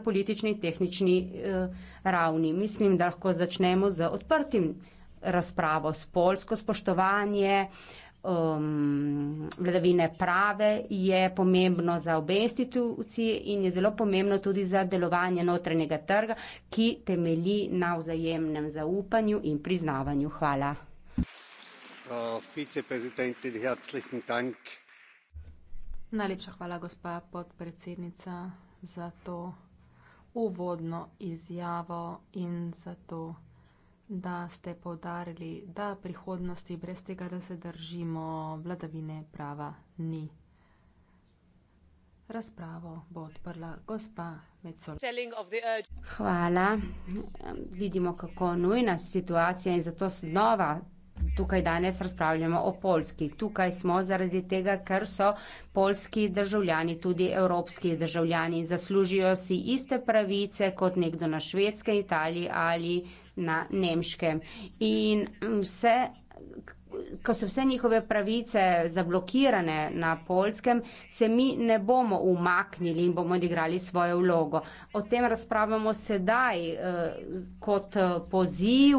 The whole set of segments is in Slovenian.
politični in tehnični eh, ravni. Mislim, da lahko začnemo z odprtim razpravo, s polsko spoštovanje. Um, vladavine prave je pomembno za obe institucije in je zelo pomembno tudi za delovanje notranjega trga, ki temelji na vzajemnem zaupanju in priznavanju. Hvala. Najlepša hvala, gospa podpredsednica, za to uvodno izjavo in zato, da ste povdarili, da prihodnosti brez tega, da se držimo vladavine prava, ni. Razpravo bo odprla gospa Mecol. Hvala. Vidimo, kako nujna situacija in zato se nova tukaj danes razpravljamo o Polski. Tukaj smo zaradi tega, ker so polski državljani tudi evropski državljani in zaslužijo si iste pravice kot nekdo na Švedske, Italiji ali na Nemške. In vse, ko so vse njihove pravice zablokirane na polskem, se mi ne bomo umaknili in bomo odigrali svojo vlogo. O tem razpravljamo sedaj eh, kot eh, poziv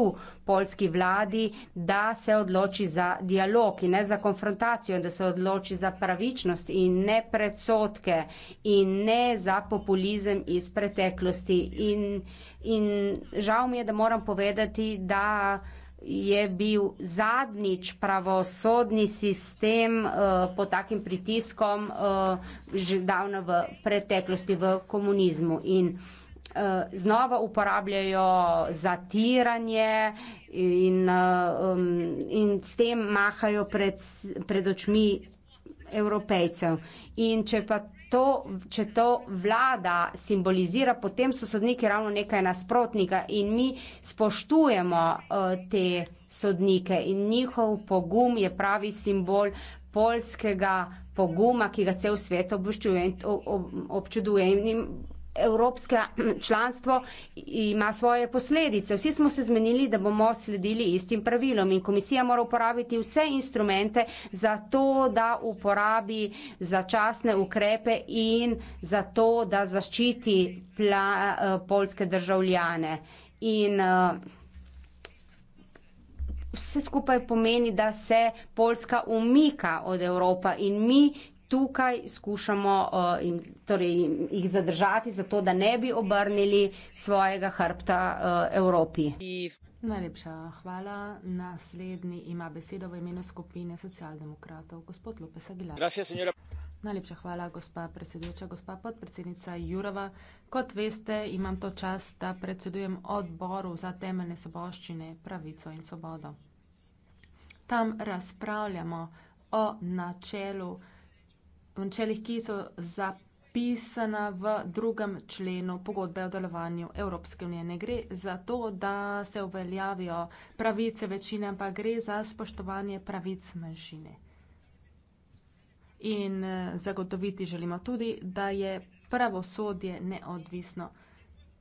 polski vladi, da se odloči za dialog in ne za konfrontacijo, da se odloči za pravičnost in ne predsotke in ne za populizem iz preteklosti. In, in žal mi je, da moram povedati, da je bil zadnjič pravosodni sistem uh, pod takim pritiskom uh, že davno v preteklosti v komunizmu in uh, znova uporabljajo zatiranje in, uh, um, in s tem mahajo pred, pred očmi evropejcev. In če pa to, če to vlada simbolizira, potem so sodniki ravno nekaj nasprotnika in mi spoštujemo eh, te sodnike in njihov pogum je pravi simbol polskega poguma, ki ga cel svet obvščuje in občuduje. In evropsko mm, članstvo ima svoje posledice. Vsi smo se zmenili, da bomo sledili istim pravilom in komisija mora uporabiti vse instrumente za to, da uporabi začasne ukrepe in za to, da zaščiti pla, eh, polske državljane. In, eh, Vse skupaj pomeni, da se Poljska umika od Evropa in mi tukaj skušamo uh, eh, jim, torej, jih zadržati, zato da ne bi obrnili svojega hrbta uh, Evropi. Najlepša hvala. Naslednji ima besedo v imenu skupine socialdemokratov, gospod Lopes Aguilar. Najlepša hvala, gospa predsedujoča, gospa podpredsednica Jurova. Kot veste, imam to čast, da predsedujem odboru za temeljne soboščine, pravico in svobodo. Tam razpravljamo o načelu načelih, ki so zapisana v drugem členu pogodbe o delovanju Evropske unije. Ne gre za to, da se uveljavijo pravice večine, ampak gre za spoštovanje pravic manjšine. In eh, zagotoviti želimo tudi, da je pravosodje neodvisno.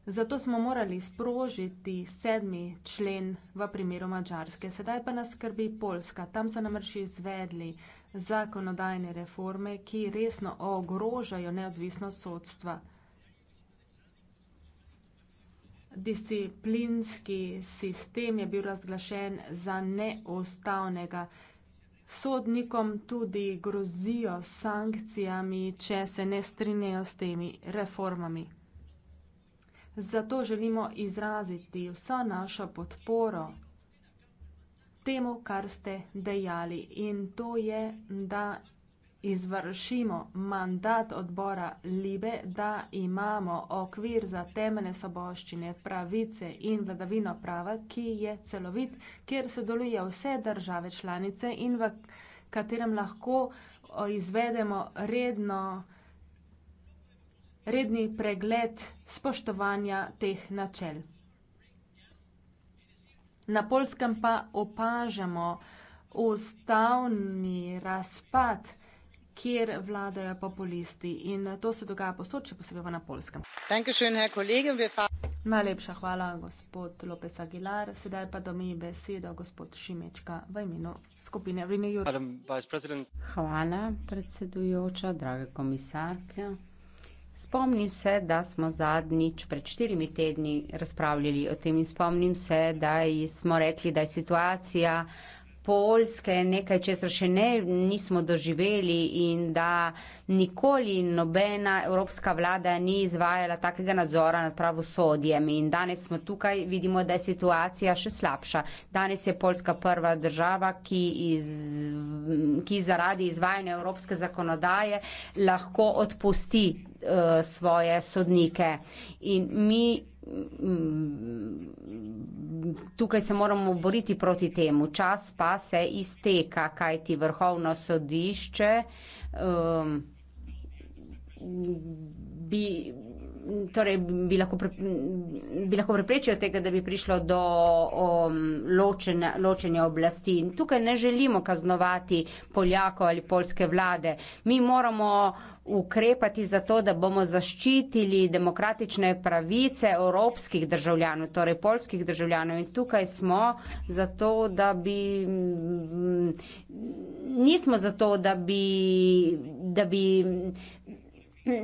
Zato smo morali sprožiti sedmi člen v primeru Mačarske. Sedaj pa nas skrbi Poljska. Tam so namreč izvedli zakonodajne reforme, ki resno ogrožajo neodvisnost sodstva. Disciplinski sistem je bil razglašen za neustavnega. Sodnikom tudi grozijo sankcijami, če se ne strinjajo s temi reformami. Zato želimo izraziti vso našo podporo temu, kar ste dejali. In to je, da izvršimo mandat odbora Libe, da imamo okvir za temene soboščine, pravice in vladavino prava, ki je celovit, kjer sodelujejo vse države članice in v katerem lahko izvedemo redno, redni pregled spoštovanja teh načel. Na polskem pa opažamo ustavni razpad, kjer vladajo populisti. In to se dogaja posod, če posebej na polskem. Schön, Najlepša hvala, gospod Lopes Aguilar. Sedaj pa domi besedo gospod Šimečka v imenu skupine Vinejur. Hvala, predsedujoča, drage komisarke. Spomnim se, da smo zadnjič pred štirimi tedni razpravljali o tem in spomnim se, da smo rekli, da je situacija Poljske nekaj, česar še ne, nismo doživeli in da nikoli nobena evropska vlada ni izvajala takega nadzora nad pravosodjem. In danes smo tukaj, vidimo, da je situacija še slabša. Danes je Poljska prva država, ki, iz, ki zaradi izvajanja evropske zakonodaje lahko odpusti Eh, svoje sodnike. In mi mm, tukaj se moramo boriti proti temu. Čas pa se izteka, kaj ti vrhovno sodišče um, bi torej bi, lahko pre, bi lahko preprečil tega, da bi prišlo do um, ločene, ločenja oblasti. In tukaj ne želimo kaznovati Poljako ali polske vlade. Mi moramo ukrepati za to, da bomo zaščitili demokratične pravice evropskih državljanov, torej polskih državljanov. In tukaj smo zato, da bi. Mm, nismo zato, da bi. Da bi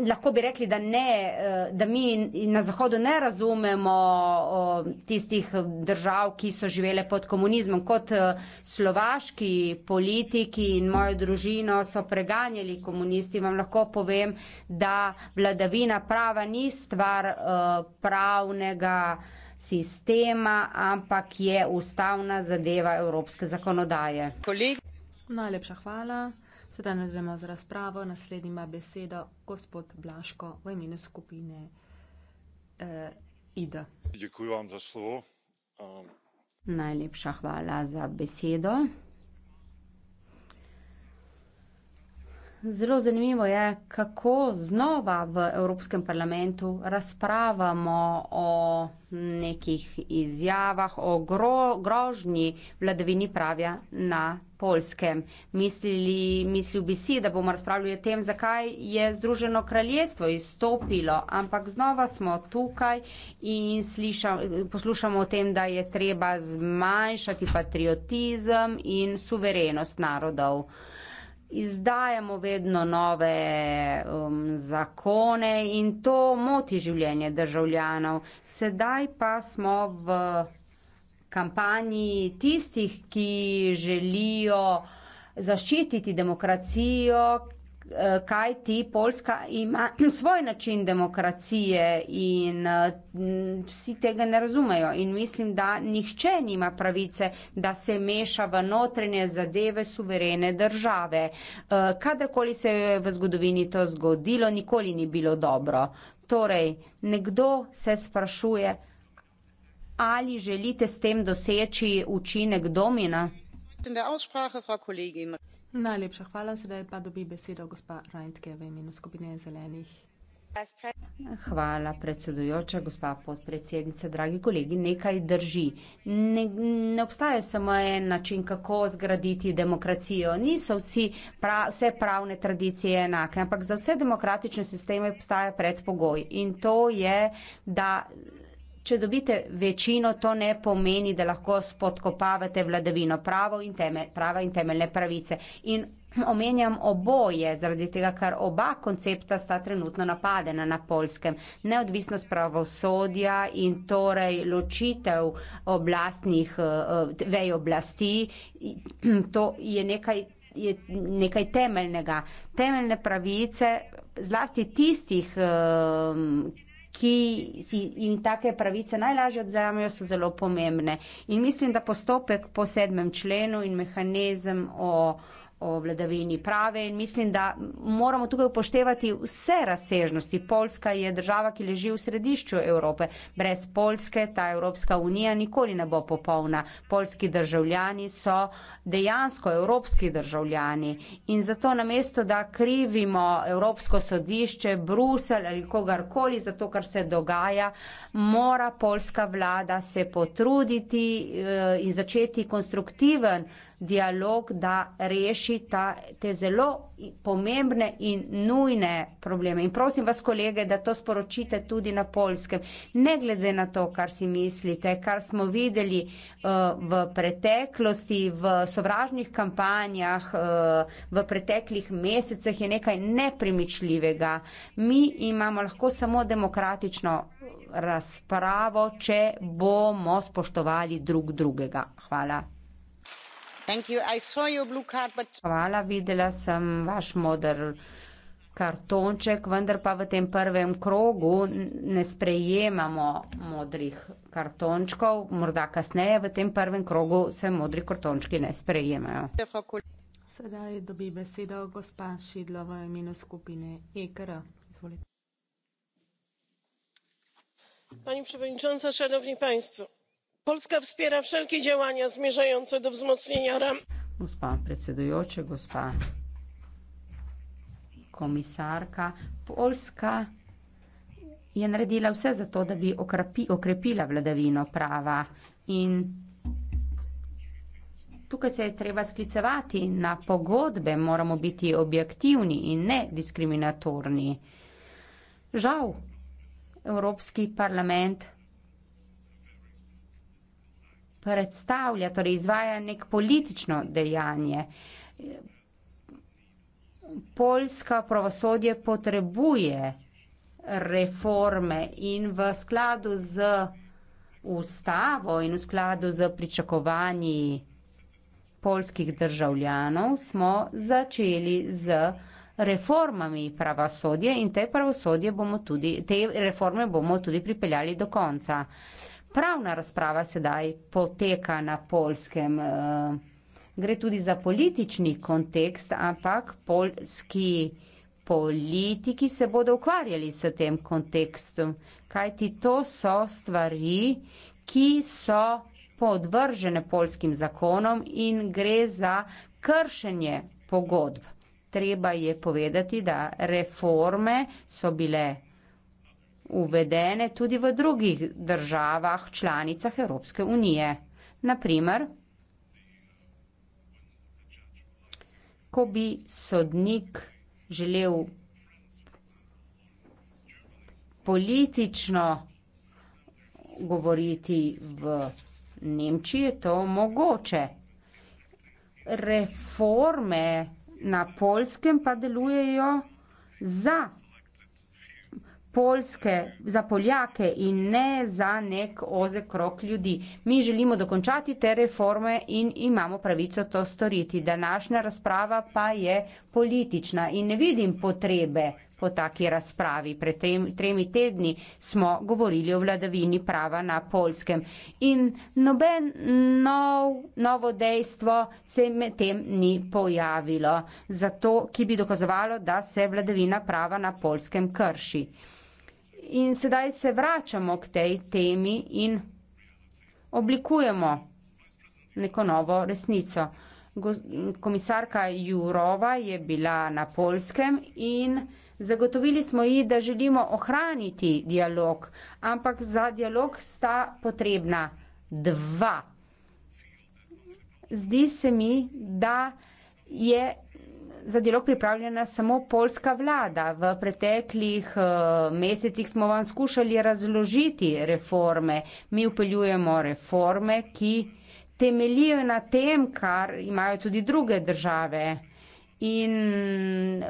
lahko bi rekli, da, ne, eh, da mi na Zahodu ne razumemo eh, tistih držav, ki so živele pod komunizmom. Kot eh, slovaški politiki in mojo družino so preganjali komunisti, vam lahko povem, da vladavina prava ni stvar pravnega sistema, ampak je ustavna zadeva evropske zakonodaje. Kolegi. Najlepša hvala. Sedaj nadaljujemo z razpravo. Naslednji ima besedo gospod Blaško v imenu skupine eh, IDA. Dziękuję vam za slovo. Um. Najlepša hvala za besedo. Zelo zanimivo je, kako znova v Evropskem parlamentu razpravamo o nekih izjavah, o gro, grožnji vladavini pravja na Poljske. Mislili, mislil bi si, da bomo razpravljali o tem, zakaj je Združeno kraljestvo izstopilo, ampak znova smo tukaj in slišam, poslušamo o tem, da je treba zmanjšati patriotizem in suverenost narodov. Izdajamo vedno nove um, zakone in to moti življenje državljanov. Sedaj pa smo v kampanji tistih, ki želijo zaščititi demokracijo, eh, kaj ti Poljska ima svoj način demokracije in eh, vsi tega ne razumejo. In mislim, da nihče nima pravice, da se meša v notrene zadeve suverene države. Eh, kadarkoli se je v zgodovini to zgodilo, nikoli ni bilo dobro. Torej, nekdo se sprašuje, Ali želite s tem doseči učinek domina? Najlepša hvala, sedaj pa dobi besedo gospa Rajntke v imenu skupine zelenih. Hvala predsedujoča, gospa podpredsednica, dragi kolegi, nekaj drži. Ne, ne obstaja samo en način, kako zgraditi demokracijo. Niso vsi pra, vse pravne tradicije enake, ampak za vse demokratične sisteme obstaja predpogoj in to je, da Če dobite večino, to ne pomeni, da lahko spodkopavate vladavino in temelj, prava in temeljne pravice. In omenjam oboje, zaradi tega, ker oba koncepta sta trenutno napadena na polskem. Neodvisnost pravosodja in torej ločitev oblastnih eh, eh, vej oblasti, to je nekaj, je nekaj temeljnega. Temeljne pravice zlasti tistih, eh, ki si jim take pravice najlažje odzajamajo, so zelo pomembne. In mislim, da postopek po sedmem členu in mehanizem o o vladavini prave in mislim, da moramo tukaj upoštevati vse razsežnosti. Poljska je država, ki leži v središču Evrope. Brez Poljske ta Evropska unija nikoli ne bo popolna. Poljski državljani so dejansko evropski državljani in zato namesto, da krivimo Evropsko sodišče, Bruselj ali kogarkoli za to, kar se dogaja, mora poljska vlada se potruditi eh, in začeti konstruktiven dialog, da reši ta, te zelo pomembne in nujne probleme. In prosim vas, kolege, da to sporočite tudi na polskem. Ne glede na to, kar si mislite, kar smo videli uh, v preteklosti, v sovražnih kampanjah, uh, v preteklih mesecih, je nekaj nepremičljivega. Mi imamo lahko samo demokratično razpravo, če bomo spoštovali drug drugega. Hvala. Hvala, videla sem vaš moder kartonček, vendar pa v tem prvem krogu ne sprejemamo modrih kartončkov. Morda kasneje v tem prvem krogu se modri kartončki ne sprejemajo. Sedaj dobi besedo gospa Šidlo v imenu skupine EKR. Izvolite. Pani predsednica, šanovni państvo polska wspiera wszelkie działania zmierzające do wzmocnienia ram Gospa predsedujoča, gospa komisarka, Polska je naredila vse za to, da bi okrepi, okrepila vladavino prava in tukaj se je treba sklicevati na pogodbe, moramo biti objektivni in ne diskriminatorni. Žal, Evropski parlament predstavlja, torej izvaja nek politično dejanje. Poljska pravosodje potrebuje reforme in v skladu z ustavo in v skladu z pričakovanji polskih državljanov smo začeli z reformami pravosodje in te, pravosodje bomo tudi, te reforme bomo tudi pripeljali do konca pravna razprava sedaj poteka na polskem. Eh, gre tudi za politični kontekst, ampak polski politiki se bodo ukvarjali s tem kontekstom, kajti to so stvari, ki so podvržene polskim zakonom in gre za kršenje pogodb. Treba je povedati, da reforme so bile uvedene tudi v drugih državah članicah Evropske unije. Naprimer, ko bi sodnik želel politično govoriti v Nemčiji, je to mogoče. Reforme na polskem pa delujejo za Polske za Poljake in ne za nek oze krok ljudi. Mi želimo dokončati te reforme in imamo pravico to storiti. Današnja razprava pa je politična in ne vidim potrebe po taki razpravi. Pred tremi tedni smo govorili o vladavini prava na Polskem in noben nov, novo dejstvo se med tem ni pojavilo, zato, ki bi dokazovalo, da se vladavina prava na Polskem krši. In sedaj se vračamo k tej temi in oblikujemo neko novo resnico. Komisarka Jurova je bila na polskem in zagotovili smo ji, da želimo ohraniti dialog, ampak za dialog sta potrebna dva. Zdi se mi, da je za dialog pripravljena samo polska vlada. V preteklih eh, mesecih smo vam skušali razložiti reforme. Mi upeljujemo reforme, ki temeljijo na tem, kar imajo tudi druge države. In uh,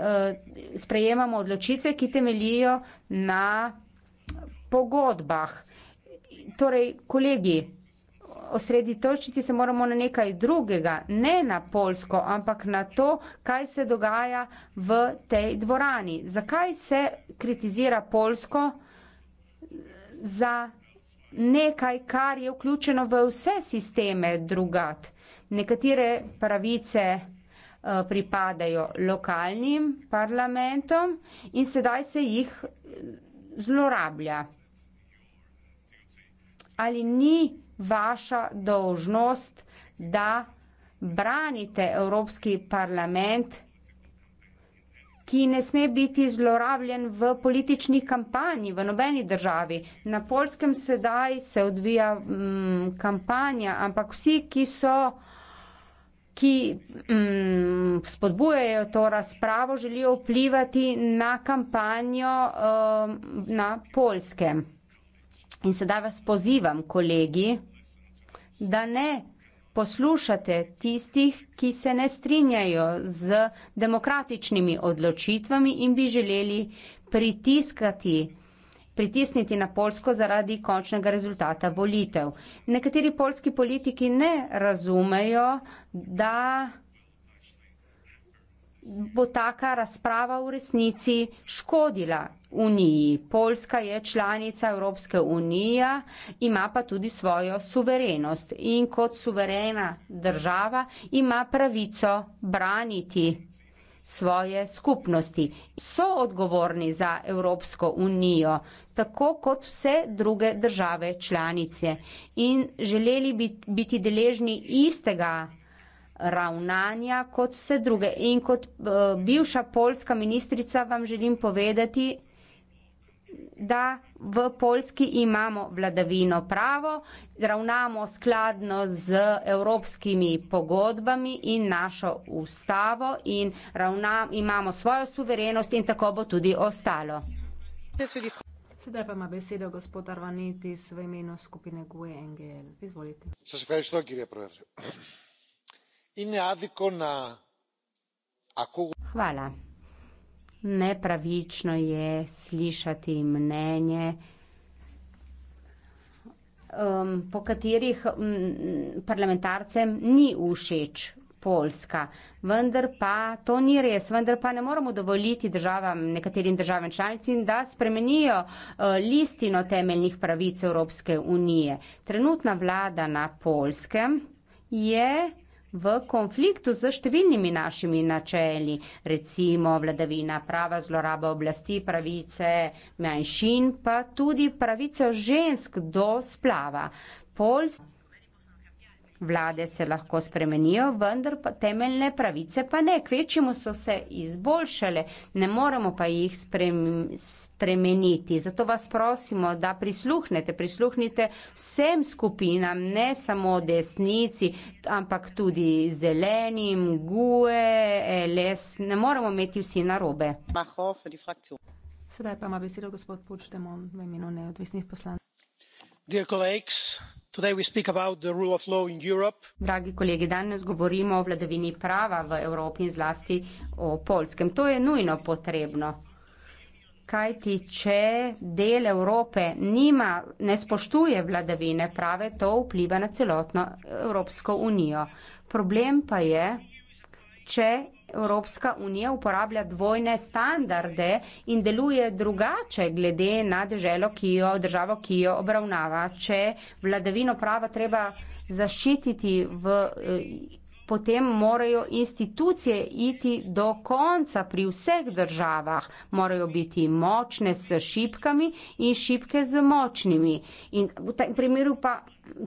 sprejemamo odločitve, ki temeljijo na pogodbah. Torej, kolegi, osreditočiti se moramo na nekaj drugega, ne na Polsko, ampak na to, kaj se dogaja v tej dvorani. Zakaj se kritizira Polsko za nekaj, kar je vključeno v vse sisteme drugat. Nekatere pravice eh, pripadajo lokalnim parlamentom in sedaj se jih eh, zlorablja. Ali ni vaša dožnost, da branite Evropski parlament, ki ne sme biti zlorabljen v politični kampanji v nobeni državi. Na polskem sedaj se odvija mm, kampanja, ampak vsi, ki so ki mm, spodbujajo to razpravo, želijo vplivati na kampanjo mm, na polskem. In sedaj vas pozivam, kolegi, da ne poslušate tistih, ki se ne strinjajo z demokratičnimi odločitvami in bi želeli pritiskati, pritisniti na Polsko zaradi končnega rezultata volitev. Nekateri polski politiki ne razumejo, da bo taka razprava v resnici škodila uniji. Poljska je članica Evropske unije, ima pa tudi svojo suverenost in kot suverena država ima pravico braniti svoje skupnosti. So odgovorni za Evropsko unijo, tako kot vse druge države članice in želeli bi biti deležni istega ravnanja kot vse druge. In kot uh, bivša polska ministrica vam želim povedati, da v Poljski imamo vladavino pravo, ravnamo skladno z evropskimi pogodbami in našo ustavo in ravnam, imamo svojo suverenost in tako bo tudi ostalo. Sedaj pa ima besedo gospod Arvaniti v imenu skupine GUE NGL. Izvolite. Hvala. Nepravično je slišati mnenje, um, po katerih um, parlamentarcem ni všeč Poljska. Vendar pa to ni res, vendar pa ne moramo dovoliti državam, nekaterim državam članicam, da spremenijo uh, listino temeljnih pravic Evropske unije. Trenutna vlada na Poljskem je v konfliktu z številnimi našimi načeli, recimo vladavina prava, zloraba oblasti, pravice manjšin, pa tudi pravice žensk do splava. Poljska. Vlade se lahko spremenijo, vendar pa temeljne pravice pa ne. Kvečimo so se izboljšale, ne moremo pa jih spremeniti. Zato vas prosimo, da prisluhnete, prisluhnite vsem skupinam, ne samo desnici, ampak tudi zelenim, guje, les. Ne moremo imeti vsi narobe. Sedaj pa ima besedo gospod Pučtemon v imenu neodvisnih poslancev. Dragi kolegi, danes govorimo o vladavini prava v Evropi in zlasti o polskem. To je nujno potrebno. Kaj ti, če del Evrope nima, ne spoštuje vladavine prave, to vpliva na celotno Evropsko unijo. Problem pa je, če Evropska unija uporablja dvojne standarde in deluje drugače glede na deželo, ki jo, državo, ki jo obravnava. Če vladavino prava treba zaščititi, v, eh, potem morajo institucije iti do konca pri vseh državah. Morajo biti močne s šipkami in šipke z močnimi. In v tem primeru pa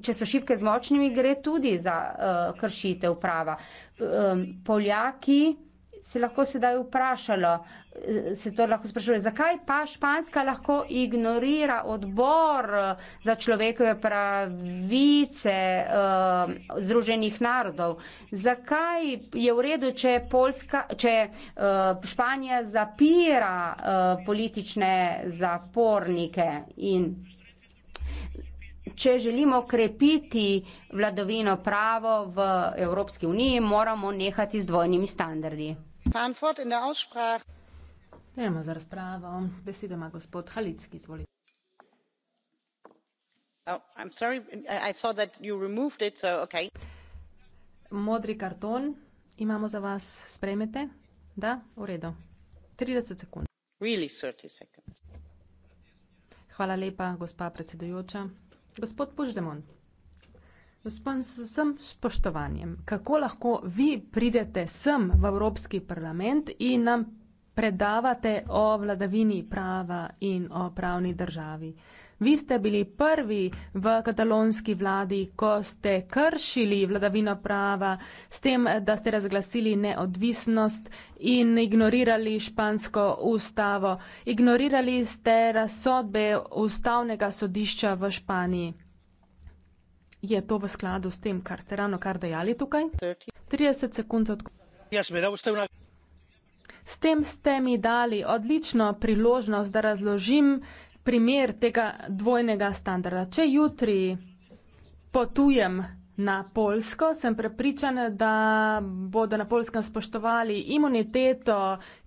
če so šibke z močnimi, gre tudi za uh, kršitev prava. Um, Poljaki se lahko sedaj vprašalo, eh, se to lahko sprašuje, zakaj pa Španska lahko ignorira odbor eh, za človekove pravice uh, Združenih narodov? Zakaj je v redu, če, Polska, če uh, Španija zapira uh, politične zapornike in če želimo krepiti vladovino pravo v Evropski uniji, moramo nehati z dvojnimi standardi. Gremo za razpravo. Besedo ima gospod Halicki, izvolite. Oh, Modri karton imamo za vas, sprejmete? Da, v redu. 30 sekund. Really 30 sekund. Hvala lepa, gospa predsedujoča. Gospod Puždemon, s vsem spoštovanjem, kako lahko vi pridete sem v Evropski parlament in nam predavate o vladavini prava in o pravni državi? Vi ste bili prvi v katalonski vladi, ko ste kršili vladavino prava s tem, da ste razglasili neodvisnost in ignorirali špansko ustavo. Ignorirali ste razsodbe ustavnega sodišča v Španiji. Je to v skladu s tem, kar ste ravno kar dejali tukaj? 30 sekund odkud. S tem ste mi dali odlično priložnost, da razložim, primer tega dvojnega standarda. Če jutri potujem na Polsko, sem prepričana, da bodo na Polskem spoštovali imuniteto,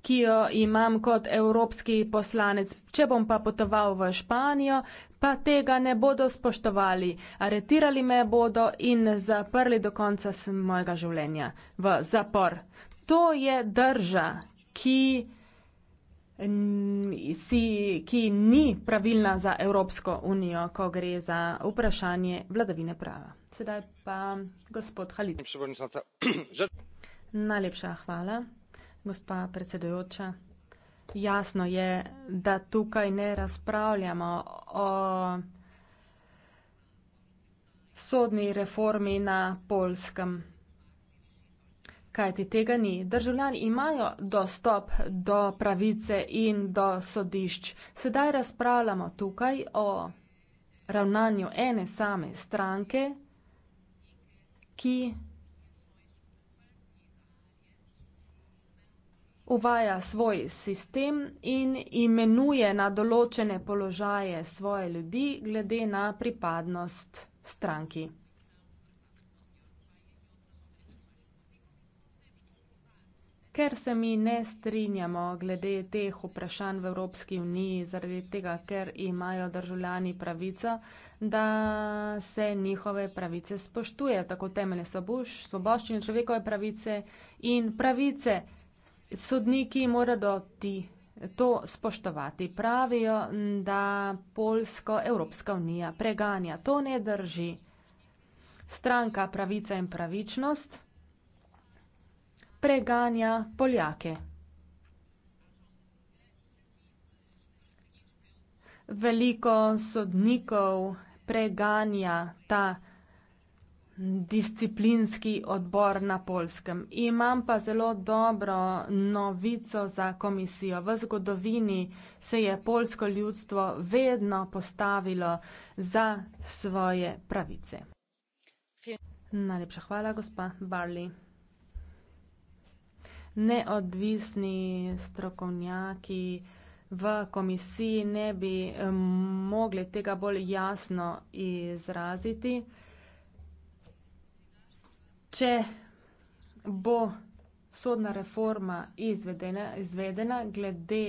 ki jo imam kot evropski poslanec. Če bom pa potoval v Španijo, pa tega ne bodo spoštovali. Aretirali me bodo in zaprli do konca mojega življenja v zapor. To je drža, ki si, ki ni pravilna za Evropsko unijo, ko gre za vprašanje vladavine prava. Sedaj pa gospod Halit. Najlepša hvala, gospa predsedojoča. Jasno je, da tukaj ne razpravljamo o sodni reformi na polskem. Kajti tega ni. Državljani imajo dostop do pravice in do sodišč. Sedaj razpravljamo tukaj o ravnanju ene same stranke, ki uvaja svoj sistem in imenuje na določene položaje svoje ljudi glede na pripadnost stranki. ker se mi ne strinjamo glede teh vprašanj v Evropski uniji, zaradi tega, ker imajo državljani pravico, da se njihove pravice spoštuje, tako temeljne svoboščine, človekove pravice in pravice. Sodniki morajo ti to spoštovati. Pravijo, da Polsko Evropska unija preganja. To ne drži. Stranka pravica in pravičnost preganja Poljake. Veliko sodnikov preganja ta disciplinski odbor na Polskem. Imam pa zelo dobro novico za komisijo. V zgodovini se je polsko ljudstvo vedno postavilo za svoje pravice. Najlepša hvala, gospa Barley neodvisni strokovnjaki v komisiji ne bi mogli tega bolj jasno izraziti. Če bo sodna reforma izvedena, izvedena glede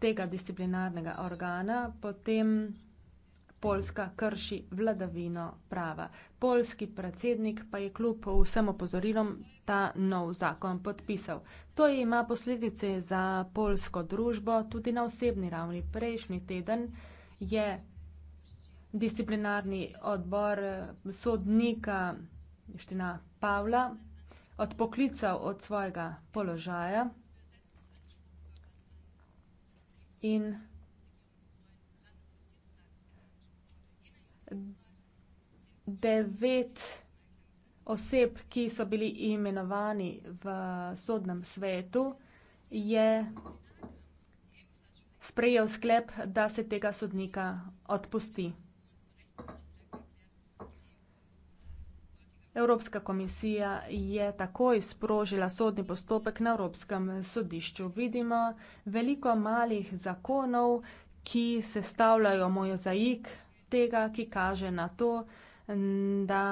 tega disciplinarnega organa, potem Poljska krši vladavino prava. Polski predsednik pa je kljub vsem opozorilom ta nov zakon podpisal. To ima posledice za polsko družbo tudi na osebni ravni. Prejšnji teden je disciplinarni odbor eh, sodnika Ština Pavla odpoklical od svojega položaja in devet oseb, ki so bili imenovani v sodnem svetu, je sprejel sklep, da se tega sodnika odpusti. Evropska komisija je takoj sprožila sodni postopek na Evropskem sodišču. Vidimo veliko malih zakonov, ki sestavljajo mozaik tega, ki kaže na to, da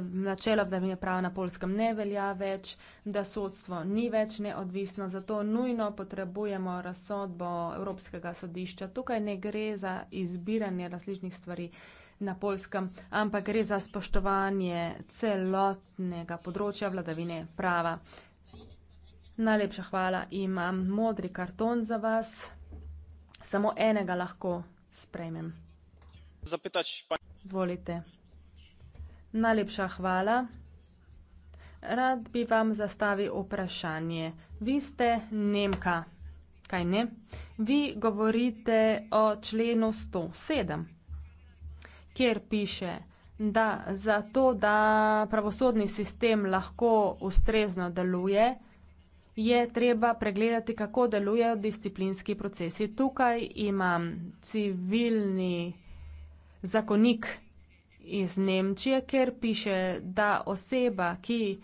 načelo vladavine prava na polskem ne velja več, da sodstvo ni več neodvisno, zato nujno potrebujemo razsodbo Evropskega sodišča. Tukaj ne gre za izbiranje različnih stvari na polskem, ampak gre za spoštovanje celotnega področja vladavine prava. Najlepša hvala, imam modri karton za vas, samo enega lahko sprejmem zapytać Pani. Zwolite. Najlepsza chwala. Rad bi vam zastavil vprašanje. Vi ste Nemka, kaj ne? Vi govorite o členu 107, kjer piše, da za to, da pravosodni sistem lahko ustrezno deluje, je treba pregledati, kako delujejo disciplinski procesi. Tukaj imam civilni proces, zakonik iz Nemčije, ker piše, da oseba, ki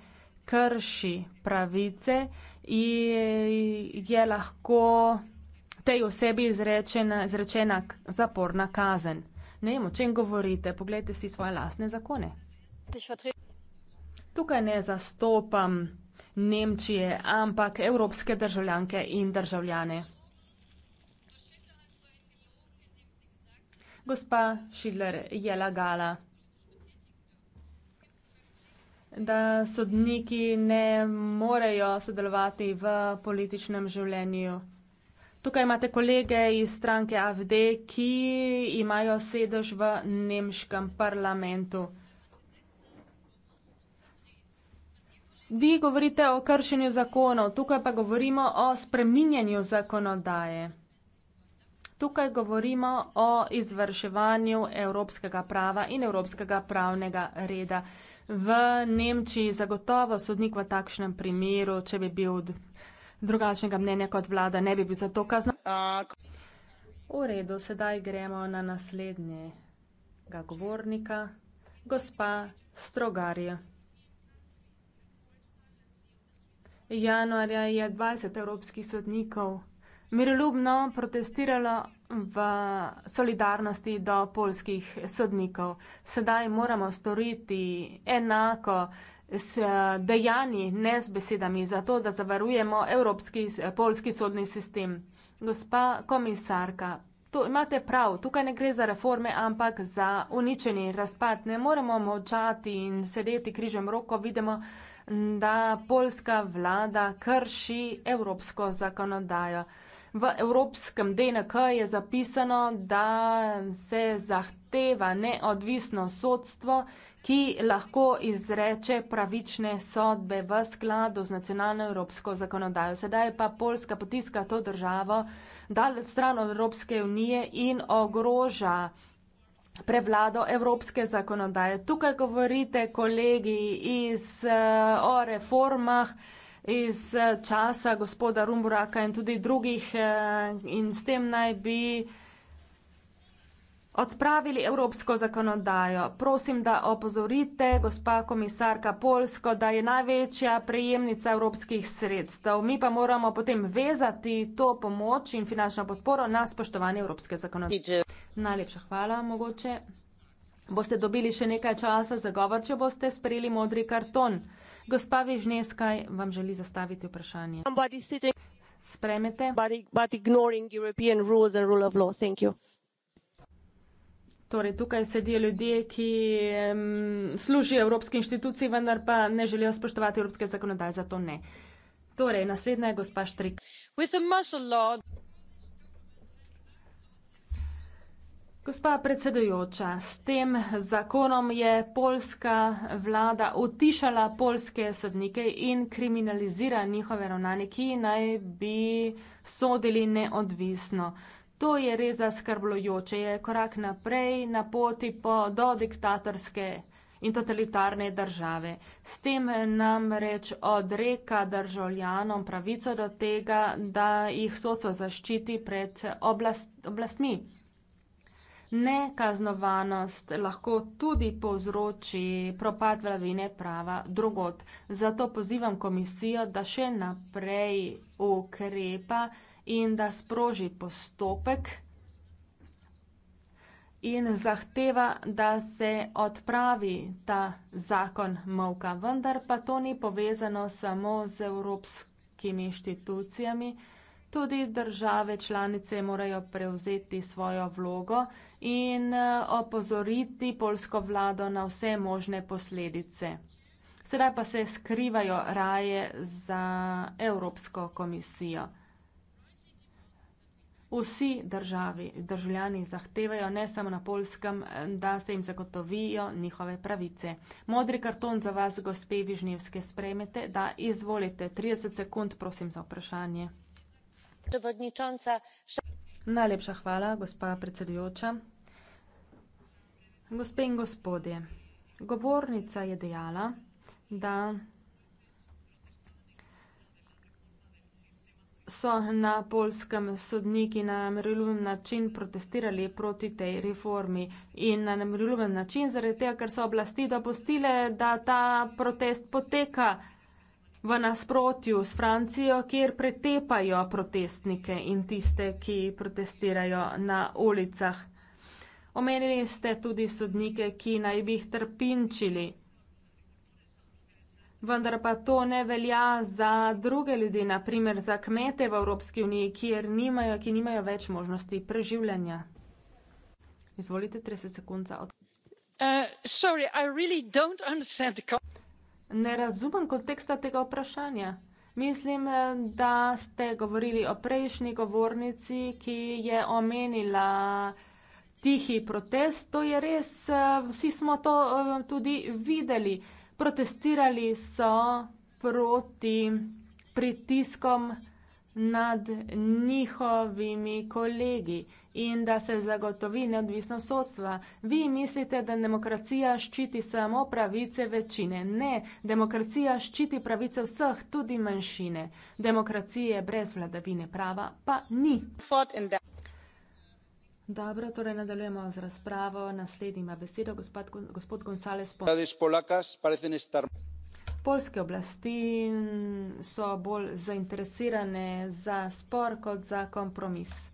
krši pravice, je lahko tej osebi izrečena, izrečena zaporna kazen. Ne vem, o čem govorite, poglejte si svoje lastne zakone. Tukaj ne zastopam Nemčije, ampak evropske državljanke in državljane. gospa Schindler je lagala. Da sodniki ne morejo sodelovati v političnem življenju. Tukaj imate kolege iz stranke AFD, ki imajo sedež v nemškem parlamentu. Vi govorite o kršenju zakonov, tukaj pa govorimo o spreminjanju zakonodaje. Tukaj govorimo o izvrševanju evropskega prava in evropskega pravnega reda. V Nemčiji zagotovo sodnik v takšnem primeru, če bi bil drugačnega mnenja kot vlada, ne bi bil zato kaznen. V redu, sedaj gremo na naslednjega govornika, gospa Strogarja. Januarja je 20 evropskih sodnikov miroljubno protestirala v solidarnosti do polskih sodnikov. Sedaj moramo storiti enako s dejanji, ne z besedami, zato da zavarujemo evropski polski sodni sistem. Gospa komisarka, to imate prav, tukaj ne gre za reforme, ampak za uničeni razpad. Ne moremo močati in sedeti križem roko, vidimo, da polska vlada krši evropsko zakonodajo. V evropskem DNK je zapisano, da se zahteva neodvisno sodstvo, ki lahko izreče pravične sodbe v skladu z nacionalno evropsko zakonodajo. Sedaj pa Poljska potiska to državo daleč stran od Evropske unije in ogroža prevlado evropske zakonodaje. Tukaj govorite, kolegi, iz, eh, o reformah iz eh, časa gospoda Rumburaka in tudi drugih eh, in s tem naj bi odpravili evropsko zakonodajo. Prosim, da opozorite gospa komisarka Polsko, da je največja prejemnica evropskih sredstev. Mi pa moramo potem vezati to pomoč in finančno podporo na spoštovanje evropske zakonodaje. Najlepša hvala, mogoče. Boste dobili še nekaj časa za govor, če boste sprejeli modri karton. Gospa Vežnes, kaj vam želi zastaviti vprašanje? Spremete? Torej, tukaj sedijo ljudje, ki um, služijo Evropski inštituciji, vendar pa ne želijo spoštovati Evropske zakonodaje, zato ne. Torej, naslednja je gospa Štrik. Gospa predsedujoča, s tem zakonom je polska vlada utišala polske sodnike in kriminalizira njihove ravnanje, ki naj bi sodili neodvisno. To je res zaskrbljujoče, je korak naprej na poti po, do diktatorske in totalitarne države. S tem nam reč odreka državljanom pravico do tega, da jih sosa zaščiti pred oblast, oblastmi nekaznovanost lahko tudi povzroči propad vladavine prava drugot. Zato pozivam komisijo, da še naprej ukrepa in da sproži postopek in zahteva, da se odpravi ta zakon Mavka. Vendar pa to ni povezano samo z evropskimi inštitucijami tudi države članice morajo prevzeti svojo vlogo in eh, opozoriti polsko vlado na vse možne posledice. Sedaj pa se skrivajo raje za Evropsko komisijo. Vsi državi, državljani zahtevajo, ne samo na polskem, eh, da se jim zagotovijo njihove pravice. Modri karton za vas, gospe Vižnjevske, sprejmete, da izvolite 30 sekund, prosim, za vprašanje. Najlepša hvala, gospa predsedujoča. Gospe in gospodje, govornica je dejala, da so na Poljskem sodniki na miroljuben način protestirali proti tej reformi in na miroljuben način zaradi tega, ker so oblasti dopustile, da ta protest poteka. V nasprotju s Francijo, kjer pretepajo protestnike in tiste, ki protestirajo na ulicah. Omenili ste tudi sodnike, ki naj bi jih trpinčili. Vendar pa to ne velja za druge ljudi, naprimer za kmete v Evropski uniji, kjer nimajo, ki nimajo več možnosti preživljanja. Izvolite 30 sekund za odgovor. Uh, sorry, I really don't understand the call ne razumem konteksta tega vprašanja. Mislim, eh, da ste govorili o prejšnji govornici, ki je omenila tihi protest. To je res, eh, vsi smo to eh, tudi videli. Protestirali so proti pritiskom nad njihovimi kolegi in da se zagotovi neodvisnost sodstva. Vi mislite, da demokracija ščiti samo pravice večine. Ne, demokracija ščiti pravice vseh, tudi manjšine. Demokracije brez vladavine prava pa ni. Dobro, torej nadaljujemo z razpravo. Naslednji ima besedo gospod, gospod Gonzales polske oblasti so bolj zainteresirane za spor kot za kompromis.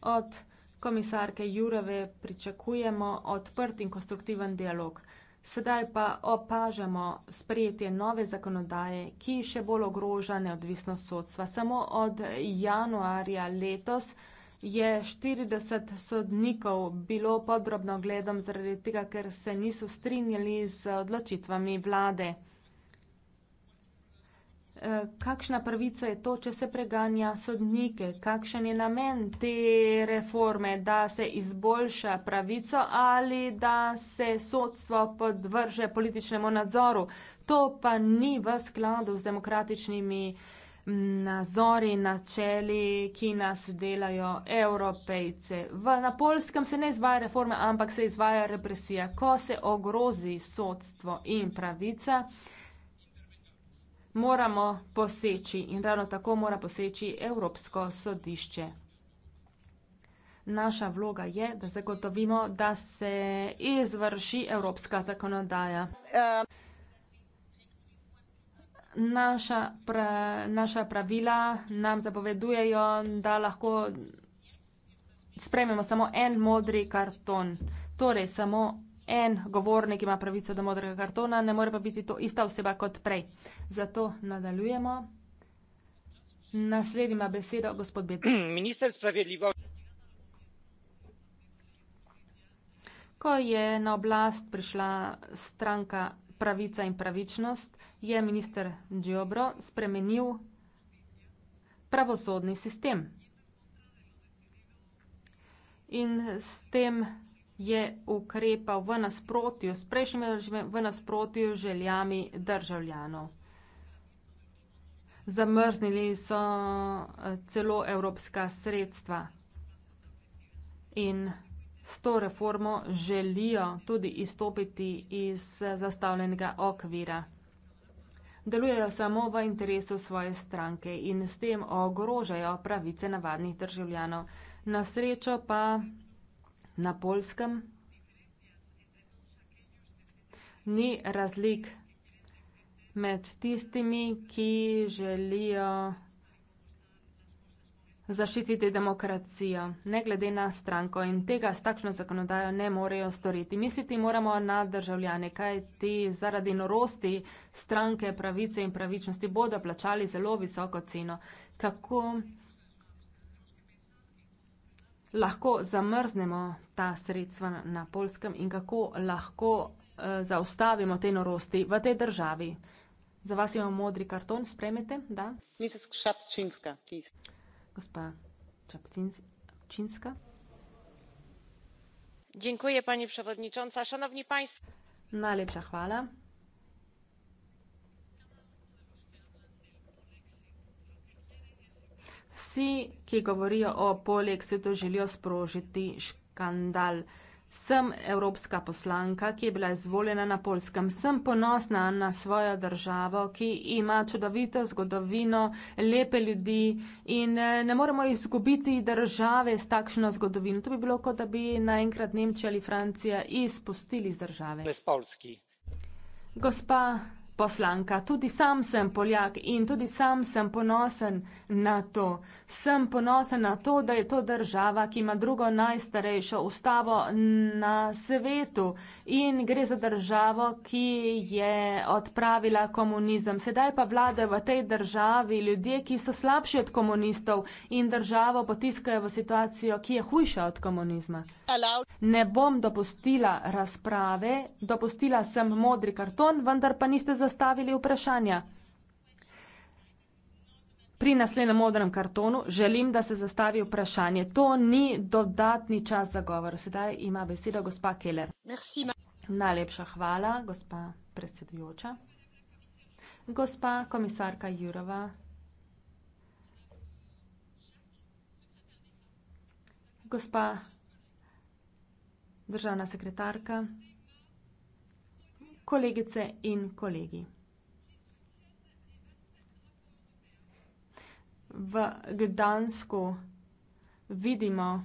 Od komisarke Jureve pričakujemo odprt in konstruktiven dialog. Sedaj pa opažamo sprejetje nove zakonodaje, ki še bolj ogroža neodvisnost sodstva. Samo od januarja letos je 40 sodnikov bilo podrobno gledom zaradi tega, ker se niso strinjali z odločitvami vlade. Eh, kakšna pravica je to, če se preganja sodnike, kakšen je namen te reforme, da se izboljša pravico ali da se sodstvo podvrže političnemu nadzoru. To pa ni v skladu z demokratičnimi mm, nazori, načeli, ki nas delajo evropejce. V, na polskem se ne izvaja reforme, ampak se izvaja represija. Ko se ogrozi sodstvo in pravica, moramo poseči in ravno tako mora poseči Evropsko sodišče. Naša vloga je, da zagotovimo, da se izvrši evropska zakonodaja. Naša, pra, naša pravila nam zapovedujejo, da lahko sprememo samo en modri karton, torej samo en govornik ima pravico do modrega kartona, ne more pa biti to ista oseba kot prej. Zato nadaljujemo. Naslednji ima besedo gospod Bedo. Minister spravedljivo. Ko je na oblast prišla stranka pravica in pravičnost, je minister Džiobro spremenil pravosodni sistem. In s tem je ukrepal v nasprotju s prejšnjim režimem, v nasprotju z željami državljanov. Zamrznili so eh, celo evropska sredstva in s to reformo želijo tudi izstopiti iz eh, zastavljenega okvira. Delujejo samo v interesu svoje stranke in s tem ogrožajo pravice navadnih državljanov. Na srečo pa na Poljskem. Ni razlik med tistimi, ki želijo zaščititi demokracijo, ne glede na stranko in tega s takšno zakonodajo ne morejo storiti. Misliti moramo na državljane, kaj ti zaradi norosti stranke pravice in pravičnosti bodo plačali zelo visoko ceno. Kako lahko zamrznemo ta sredstva na polskem in kako lahko uh, zaustavimo te norosti v tej državi. Za vas imamo modri karton, spremete? Da? Mrs. Šapčinska, please. Gospa Šapčinska. Dziękuję, Pani Przewodnicząca. Szanowni Państwo. Najlepsza chwala. vsi, ki govorijo o poleksitu, želijo sprožiti škandal. Sem evropska poslanka, ki je bila izvoljena na polskem. Sem ponosna na svojo državo, ki ima čudovito zgodovino, lepe ljudi in eh, ne moremo izgubiti države s takšno zgodovino. To bi bilo, kot da bi naenkrat Nemčija ali Francija izpustili iz države. Gospa poslanka, tudi sam sem Poljak in tudi sam sem ponosen na to. Sem ponosen na to, da je to država, ki ima drugo najstarejšo ustavo na svetu in gre za državo, ki je odpravila komunizem. Sedaj pa vlade v tej državi ljudje, ki so slabši od komunistov in državo potiskajo v situacijo, ki je hujša od komunizma. Ne bom dopustila razprave, dopustila sem modri karton, vendar pa niste zadovoljni zastavili vprašanja. Pri naslednjem modrem kartonu želim, da se zastavi vprašanje. To ni dodatni čas za govor. Sedaj ima beseda gospa Keller. Merci. Najlepša hvala, gospa predsedujoča. Gospa komisarka Jurova. Gospa državna sekretarka kolegice in kolegi. V Gdansku vidimo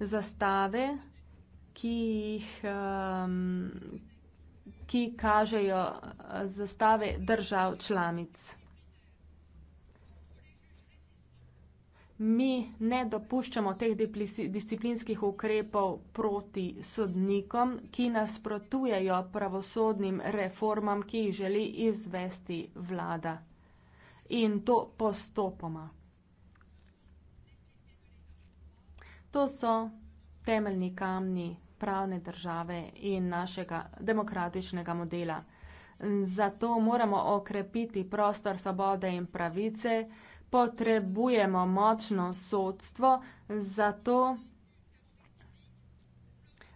zastave, ki jih, um, ki kažejo uh, zastave držav članic. mi ne dopuščamo teh disciplinskih ukrepov proti sodnikom, ki nasprotujejo pravosodnim reformam, ki jih želi izvesti vlada. In to postopoma. To so temeljni kamni pravne države in našega demokratičnega modela. Zato moramo okrepiti prostor svobode in pravice, potrebujemo močno sodstvo, zato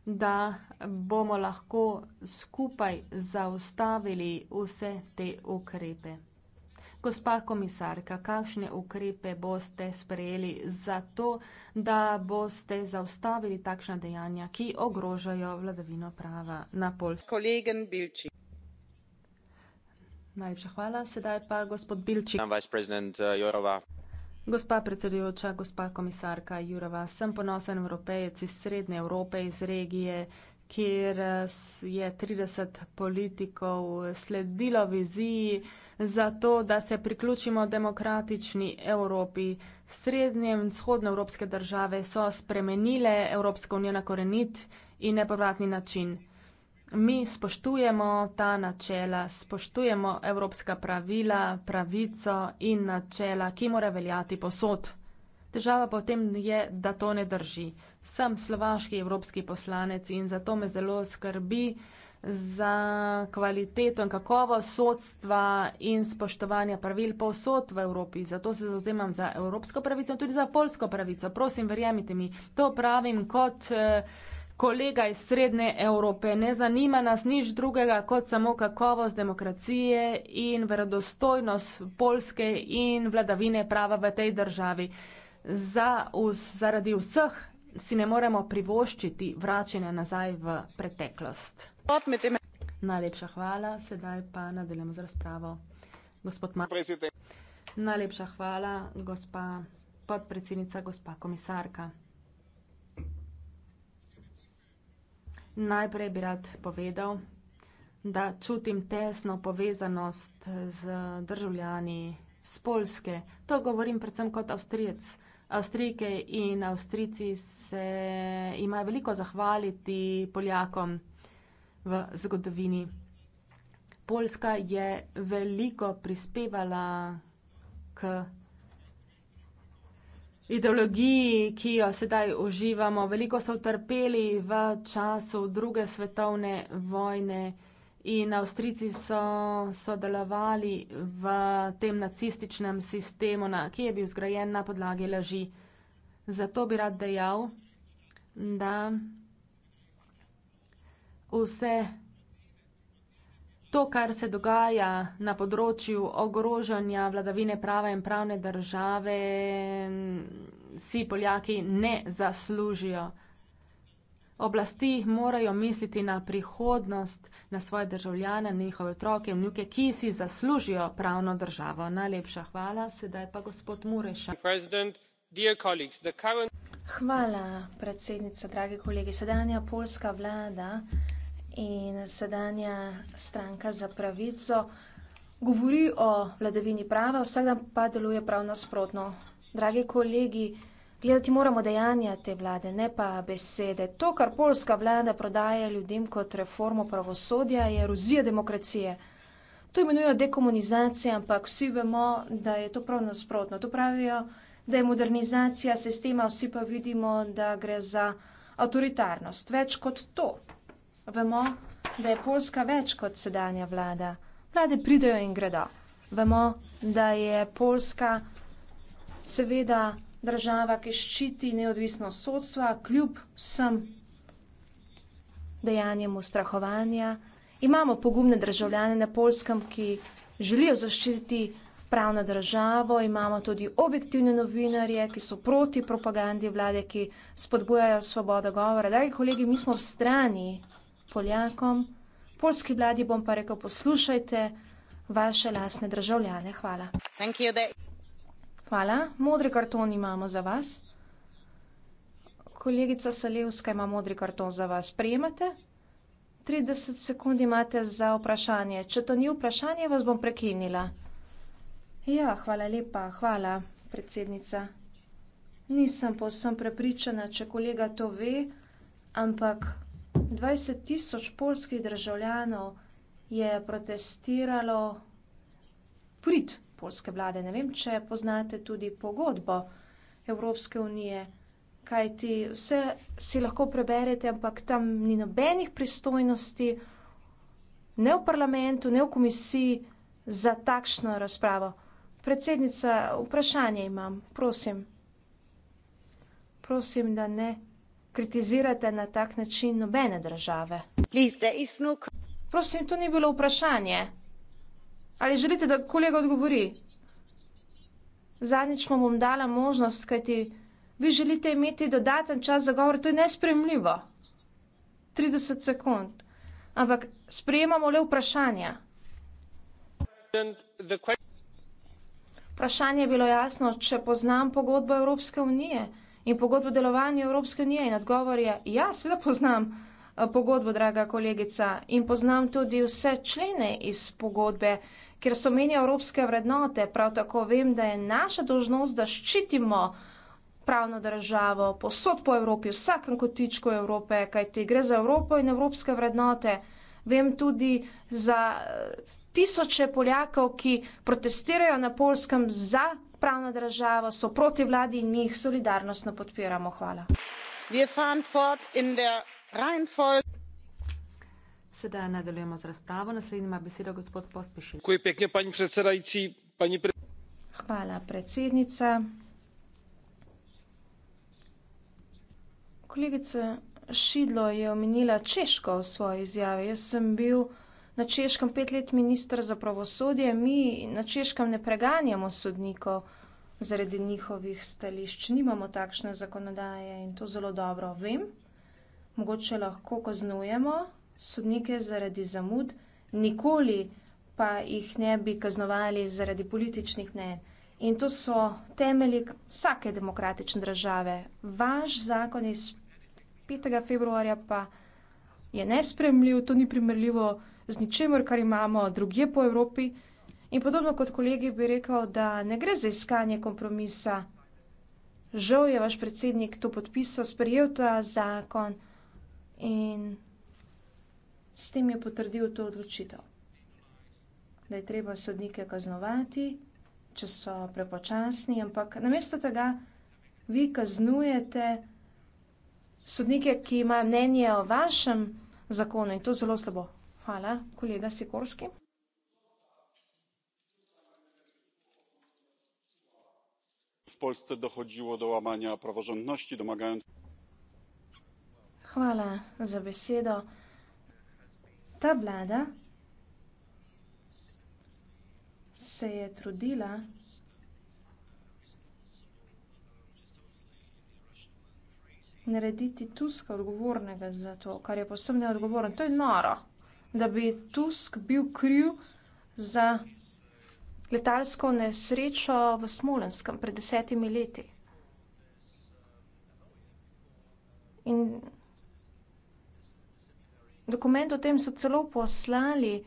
da bomo lahko skupaj zaustavili vse te ukrepe. Gospa komisarka, kakšne ukrepe boste sprejeli za to, da boste zaustavili takšna dejanja, ki ogrožajo vladavino prava na Poljsko? Najlepša hvala. Sedaj pa gospod Bilčik. Uh, gospa predsedujoča, gospa komisarka Jurova, sem ponosen evropejec iz Srednje Evrope, iz regije, kjer uh, je 30 politikov sledilo viziji za to, da se priključimo demokratični Evropi. Srednje in vzhodne evropske države so spremenile Evropsko unijo na korenit in nepovratni način mi spoštujemo ta načela, spoštujemo evropska pravila, pravico in načela, ki mora veljati posod. Težava potem je, da to ne drži. Sem slovaški evropski poslanec in zato me zelo skrbi za kvaliteto in kakovost sodstva in spoštovanja pravil povsod v Evropi. Zato se zauzemam za evropsko pravico in tudi za polsko pravico. Prosim, verjemite mi, to pravim kot. Eh, kolega iz Srednje Evrope. Ne zanima nas nič drugega kot samo kakovost demokracije in verodostojnost polske in vladavine prava v tej državi. Za vz, zaradi vseh si ne moremo privoščiti vračanja nazaj v preteklost. Najlepša hvala, sedaj pa nadaljujemo z razpravo. Gospod Mar. Najlepša hvala, gospa podpredsednica, gospa komisarka. Najprej bi rad povedal, da čutim tesno povezanost z državljani z Polske. To govorim predvsem kot Avstrijec. Avstrijke in Avstrici se imajo veliko zahvaliti Poljakom v zgodovini. Poljska je veliko prispevala k ideologiji, ki jo sedaj uživamo. Veliko so utrpeli v času druge svetovne vojne in Avstrici so sodelovali v tem nacističnem sistemu, na, ki je bil zgrajen na podlagi laži. Zato bi rad dejal, da vse To, kar se dogaja na področju ogrožanja vladavine prava in pravne države, si Poljaki ne zaslužijo. Oblasti morajo misliti na prihodnost, na svoje državljane, na njihove otroke, vnuke, ki si zaslužijo pravno državo. Najlepša hvala, sedaj pa gospod Mureša. Hvala, predsednica, dragi kolegi. Sedanja polska vlada in sedanja stranka za pravico govori o vladavini prava, vsak dan pa deluje prav nasprotno. Dragi kolegi, gledati moramo dejanja te vlade, ne pa besede. To, kar polska vlada prodaja ljudem kot reformo pravosodja, je erozija demokracije. To imenujejo dekomunizacija, ampak vsi vemo, da je to prav nasprotno. To pravijo, da je modernizacija sistema, vsi pa vidimo, da gre za avtoritarnost. Več kot to. Vemo, da je Poljska več kot sedanja vlada. Vlade pridejo in gredo. Vemo, da je Poljska seveda država, ki ščiti neodvisno sodstva, kljub vsem dejanjem ustrahovanja. Imamo pogumne državljane na Poljskem, ki želijo zaščititi pravno državo, imamo tudi objektivne novinarje, ki so proti propagandi vlade, ki spodbujajo svobodo govora. Dragi kolegi, mi smo v strani Poljakom, polski vladi bom pa rekel, poslušajte vaše lastne državljane. Hvala. Hvala. Modri karton imamo za vas. Kolegica Salevska ima modri karton za vas. Prijemate? 30 sekund imate za vprašanje. Če to ni vprašanje, vas bom prekinila. Ja, hvala lepa. Hvala, predsednica. Nisem posem prepričana, če kolega to ve, ampak 20 tisoč polskih državljanov je protestiralo prid polske vlade. Ne vem, če poznate tudi pogodbo Evropske unije, kaj ti vse si lahko preberete, ampak tam ni nobenih pristojnosti, ne v parlamentu, ne v komisiji za takšno razpravo. Predsednica, vprašanje imam, prosim. Prosim, da ne kritizirate na tak način nobene države. No Prosim, to ni bilo vprašanje. Ali želite, da kolega odgovori? Zadnjič mu bom dala možnost, kajti vi želite imeti dodaten čas za govor, to je nespremljivo. 30 sekund. Ampak sprejemamo le vprašanja. Vprašanje je bilo jasno, če poznam pogodbo Evropske unije in pogodbo delovanja Evropske unije. In odgovor je, ja, seveda poznam eh, pogodbo, draga kolegica, in poznam tudi vse člene iz pogodbe, ker so meni evropske vrednote. Prav tako vem, da je naša dožnost, da ščitimo pravno državo, posod po Evropi, vsakem kotičku Evrope, kajti gre za Evropo in evropske vrednote. Vem tudi za eh, tisoče Poljakov, ki protestirajo na polskem za pravna država, so proti vladi in mi jih solidarnostno podpiramo. Hvala. Sedaj nadaljujemo z razpravo. Naslednji ima besedo gospod Pospešil. Hvala, predsednica. Kolegica Šidlo je omenila Češko v svoji izjavi. Jaz sem bil na češkem pet let ministr za pravosodje, mi na češkem ne preganjamo sodnikov zaradi njihovih stališč, nimamo takšne zakonodaje in to zelo dobro vem. Mogoče lahko kaznujemo sodnike zaradi zamud, nikoli pa jih ne bi kaznovali zaradi političnih mnen. In to so temelji vsake demokratične države. Vaš zakon iz 5. februarja pa je nespremljiv, to ni primerljivo z ničemer, kar imamo drugje po Evropi. In podobno kot kolegi bi rekel, da ne gre za iskanje kompromisa. Žal je vaš predsednik to podpisal, sprejel ta zakon in s tem je potrdil to odločitev. Da je treba sodnike kaznovati, če so prepočasni, ampak namesto tega vi kaznujete sodnike, ki imajo mnenje o vašem zakonu in to zelo slabo. Hvala. Kolega Sikorski. V Polsce dohodilo do lamanja pravožnosti, domagajoč. Hvala za besedo. Ta vlada se je trudila narediti Tuska odgovornega za to, kar je posebno neodgovorno. To je noro da bi Tusk bil kriv za letalsko nesrečo v Smolenskem pred desetimi leti. In dokument o tem so celo poslali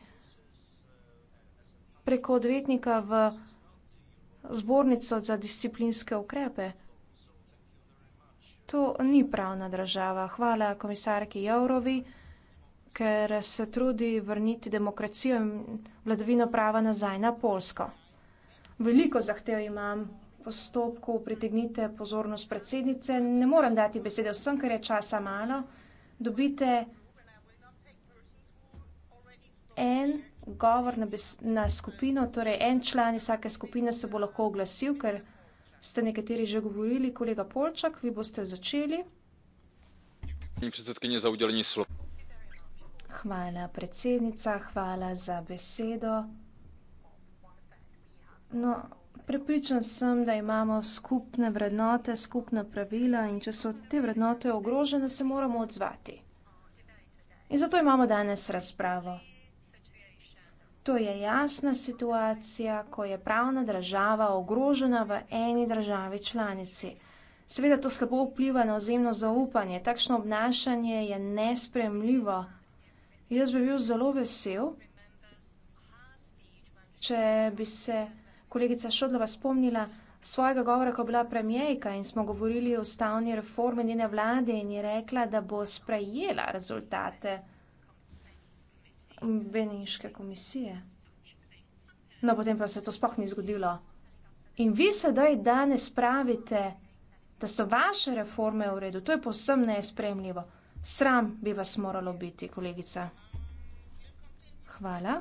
preko odvetnika v zbornico za disciplinske ukrepe. To ni pravna država. Hvala komisarki Javrovi ker se trudi vrniti demokracijo in vladavino prava nazaj na Polsko. Veliko zahtev imam postopku, pritegnite pozornost predsednice, ne moram dati besede vsem, ker je časa malo. Dobite en govor na, na skupino, torej en član vsake skupine se bo lahko oglasil, ker ste nekateri že govorili, kolega Polčak, vi boste začeli. In predsednica, za udeljenje slova hvala, predsednica, hvala za besedo. No, prepričan sem, da imamo skupne vrednote, skupna pravila in če so te vrednote ogrožene, se moramo odzvati. In zato imamo danes razpravo. To je jasna situacija, ko je pravna država ogrožena v eni državi članici. Seveda to slabo vpliva na ozemno zaupanje, takšno obnašanje je nesprejemljivo. Jaz bi bil zelo vesel, če bi se kolegica Šodlova spomnila svojega govora, ko je bila premijejka in smo govorili o ustavni reformi njene vlade in je rekla, da bo sprejela rezultate Beniške komisije. No, potem pa se to sploh ni zgodilo. In vi sedaj danes pravite, da so vaše reforme v redu. To je posebno nespremljivo. Sram bi vas moralo biti, kolegica. Hvala.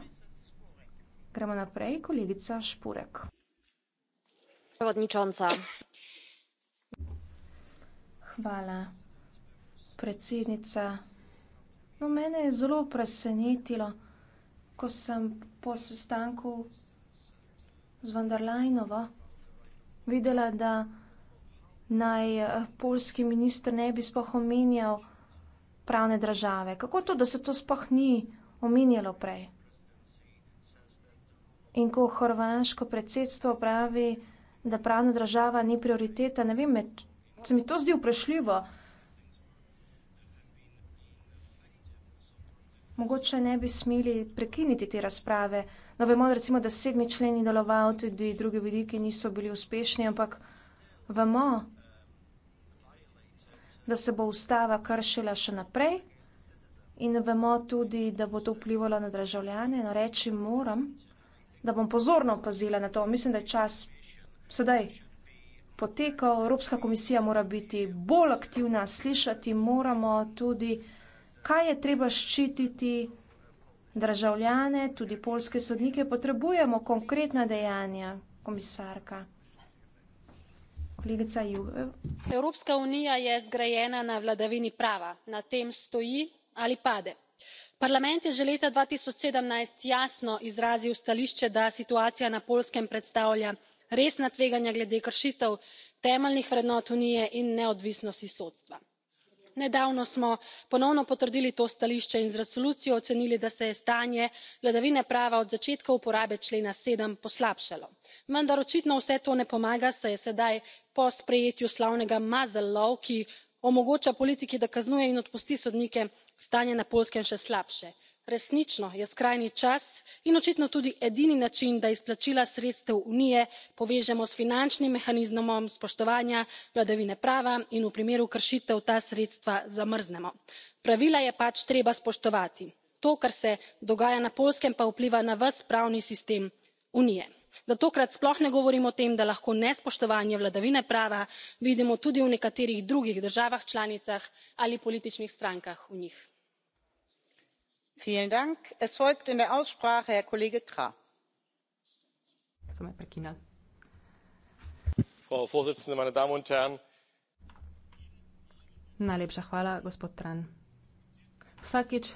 Gremo naprej, kolegica Špurek. Predsednica. Hvala. Predsednica, no, mene je zelo presenetilo, ko sem po sestanku z Vandarlajnovo videla, da naj eh, polski minister ne bi spohomenjal, pravne države. Kako to, da se to sploh ni omenjalo prej? In ko hrvaško predsedstvo pravi, da pravna država ni prioriteta, ne vem, me, se mi to zdi vprašljivo. Mogoče ne bi smeli prekiniti te razprave. No, vemo, recimo, da sedmi člen je deloval, tudi drugi vidiki niso bili uspešni, ampak vemo, da se bo ustava kršila še naprej in vemo tudi, da bo to vplivalo na državljane. No, reči moram, da bom pozorno opazila na to. Mislim, da je čas sedaj potekal. Evropska komisija mora biti bolj aktivna, slišati moramo tudi, kaj je treba ščititi državljane, tudi polske sodnike. Potrebujemo konkretna dejanja, komisarka. Eh, evropska unija je zgrajena na vladavini prava na tem stoji ali pade. parlament je že leta dva tisoč sedemnajst jasno izrazil stališče da situacija na poljskem predstavlja resna tveganja glede kršitev temeljnih vrednot unije in neodvisnosti sodstva nedavno smo ponovno potrdili to stališče in z resolucijo ocenili da se je stanje vladavine prava od začetka uporabe člena sedem poslabšalo vendar očitno vse to ne pomaga saj je sedaj po sprejetju slavnega muzzle law ki omogoča politiki da kaznuje in odpusti sodnike stanje na poljskem še slabše resnično je skrajni čas in očitno tudi edini način da izplačila sredstev unije povežemo s finančnim mehanizmom spoštovanja vladavine prava in v primeru kršitev ta sredstva zamrznemo. pravila je pač treba spoštovati to kar se dogaja na poljskem pa vpliva na ves pravni sistem unije. da tokrat sploh ne govorim o tem da lahko nespoštovanje vladavine prava vidimo tudi v nekaterih drugih državah članicah ali političnih strankah v njih frau präsidentin meine damen und herren! najlepša hvala gospod tran. vsakič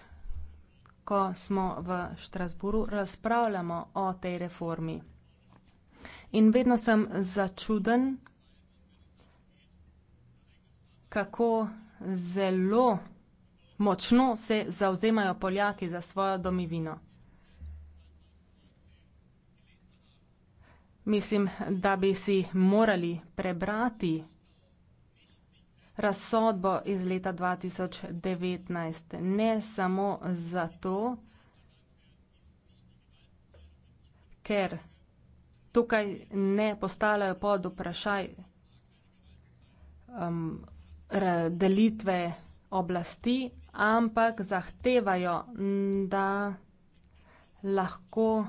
ko smo v strasbourgu razpravljamo o tej reformi in vedno sem začuden kako zelo Močno se zavzemajo Poljaki za svojo domovino. Mislim, da bi si morali prebrati razsodbo iz leta dva tisoč devetnajst. Ne samo zato, ker tukaj ne postavljajo pod vprašaj, um, delitve oblasti, ampak zahtevajo, da lahko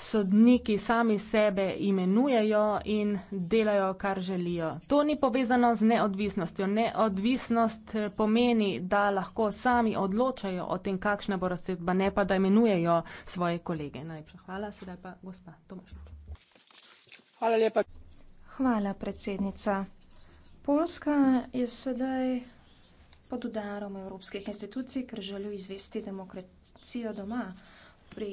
sodniki sami sebe imenujejo in delajo, kar želijo. To ni povezano z neodvisnostjo. Neodvisnost pomeni, da lahko sami odločajo o tem, kakšna bo razsedba, ne pa, da imenujejo svoje kolege. Najlepša hvala, sedaj pa gospa Tomaš. Hvala lepa. Hvala, predsednica. Poljska je sedaj pod udarom evropskih institucij, ker želijo izvesti demokracijo doma pri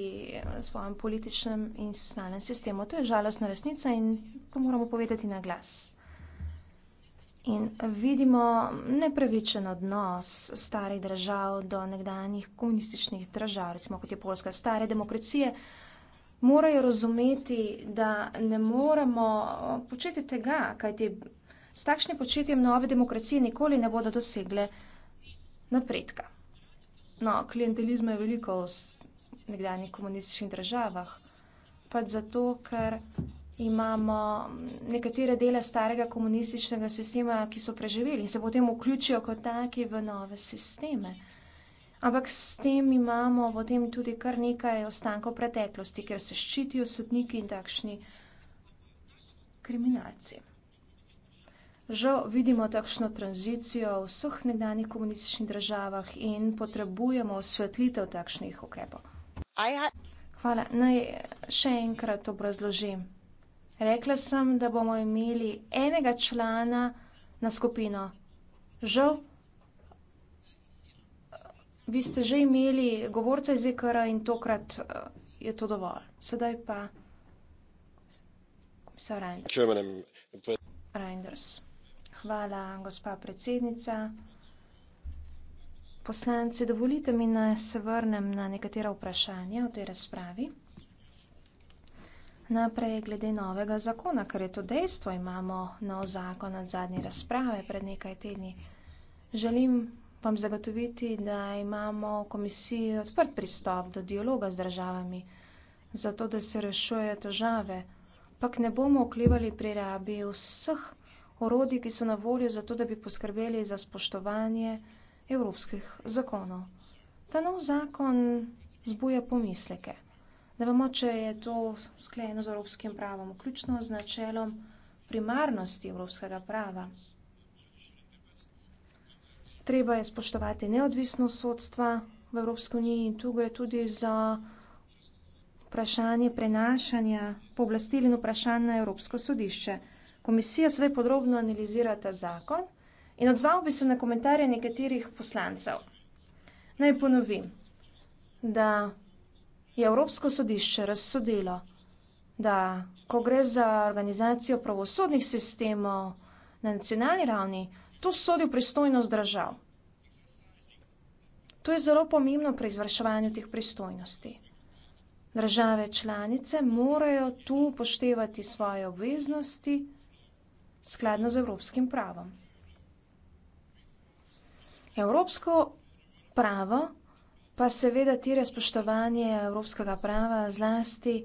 svojem političnem in socialnem sistemu. To je žalostna resnica in to moramo povedati na glas. In vidimo nepravičen odnos starih držav do nekdanjih komunističnih držav, recimo kot je Poljska, stare demokracije, morajo razumeti, da ne moremo početi tega, kaj ti te S takšnim početjem nove demokracije nikoli ne bodo dosegle napredka. No, klientelizma je veliko v nekdanjih komunističnih državah, pač zato, ker imamo mm, nekatere dele starega komunističnega sistema, ki so preživeli in se potem vključijo kot taki v nove sisteme. Ampak s tem imamo potem tudi kar nekaj ostankov preteklosti, ker se ščitijo sodniki in takšni kriminalci. Žal vidimo takšno tranzicijo v vseh nekdanjih komunističnih državah in potrebujemo osvetlitev takšnih ukrepov. Hvala. Naj še enkrat obrazložim. Rekla sem, da bomo imeli enega člana na skupino. Žal, vi ste že imeli govorca iz EKR in tokrat eh, je to dovolj. Sedaj pa komisar Reinders. Reinders. Hvala, gospa predsednica. Poslanci, dovolite mi, da se vrnem na nekatera vprašanja v tej razpravi. Najprej glede novega zakona, ker je to dejstvo, imamo nov zakon od zadnje razprave pred nekaj tedni. Želim vam zagotoviti, da imamo v komisiji odprt pristop do dialoga z državami, zato da se rešuje težave, pa ne bomo oklevali pri rabi vseh orodji, ki so na voljo za to, da bi poskrbeli za spoštovanje evropskih zakonov. Ta nov zakon zbuja pomisleke. Ne vemo, če je to skleno z evropskim pravom, vključno z načelom primarnosti evropskega prava. Treba je spoštovati neodvisnost sodstva v Evropski uniji in tu gre tudi za vprašanje prenašanja pooblastil in vprašanj na Evropsko sodišče komisija sedaj podrobno analizira ta zakon in odzval bi se na komentarje nekaterih poslancev. Naj ponovim, da je Evropsko sodišče razsodilo, da ko gre za organizacijo pravosodnih sistemov na nacionalni ravni, to sodi v pristojnost držav. To je zelo pomembno pri izvrševanju teh pristojnosti. Države članice morajo tu upoštevati svoje obveznosti skladno z evropskim pravom. Evropsko pravo pa seveda tira spoštovanje evropskega prava zlasti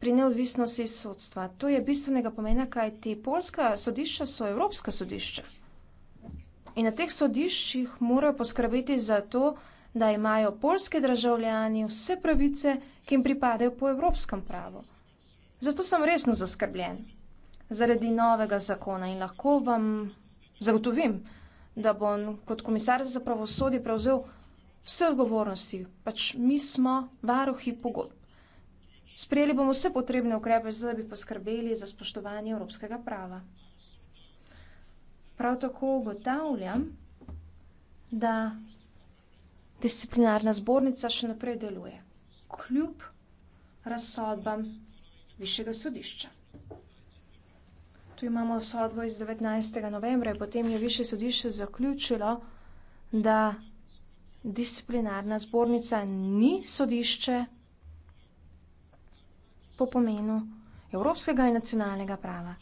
pri neodvisnosti sodstva. To je bistvenega pomena, kaj ti polska sodišča so evropska sodišča. In na teh sodiščih morajo poskrbeti za to, da imajo polske državljani vse pravice, ki jim pripadajo po evropskem pravu. Zato sem resno zaskrbljen zaradi novega zakona in lahko vam zagotovim, da bom kot komisar za pravosodje prevzel vse odgovornosti, pač mi smo varuhi pogodb. Sprijeli bomo vse potrebne ukrepe, da bi poskrbeli za spoštovanje evropskega prava. Prav tako ugotavljam, da disciplinarna zbornica še naprej deluje, kljub razsodbam višjega sodišča. Tu imamo sodbo iz 19. novembra, potem je više sodišče zaključilo, da disciplinarna zbornica ni sodišče po pomenu evropskega in nacionalnega prava.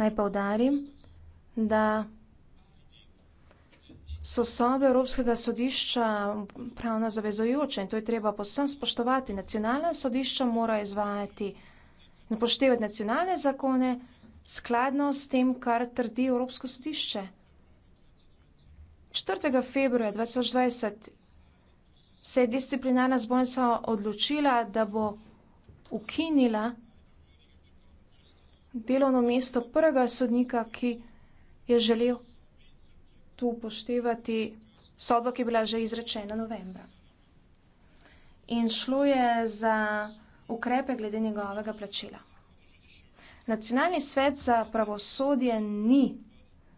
Naj pa udarim, da so sobe Evropskega sodišča pravno zavezojoče in to je treba posem spoštovati. Nacionalna sodišča mora izvajati in poštevati nacionalne zakone, skladno s tem, kar trdi Evropsko sodišče. 4. februarja 2020 se je disciplinarna zbornica odločila, da bo ukinila delovno mesto prvega sodnika, ki je želel tu upoštevati sodbo, ki je bila že izrečena novembra. In šlo je za ukrepe glede njegovega plačila. Nacionalni svet za pravosodje ni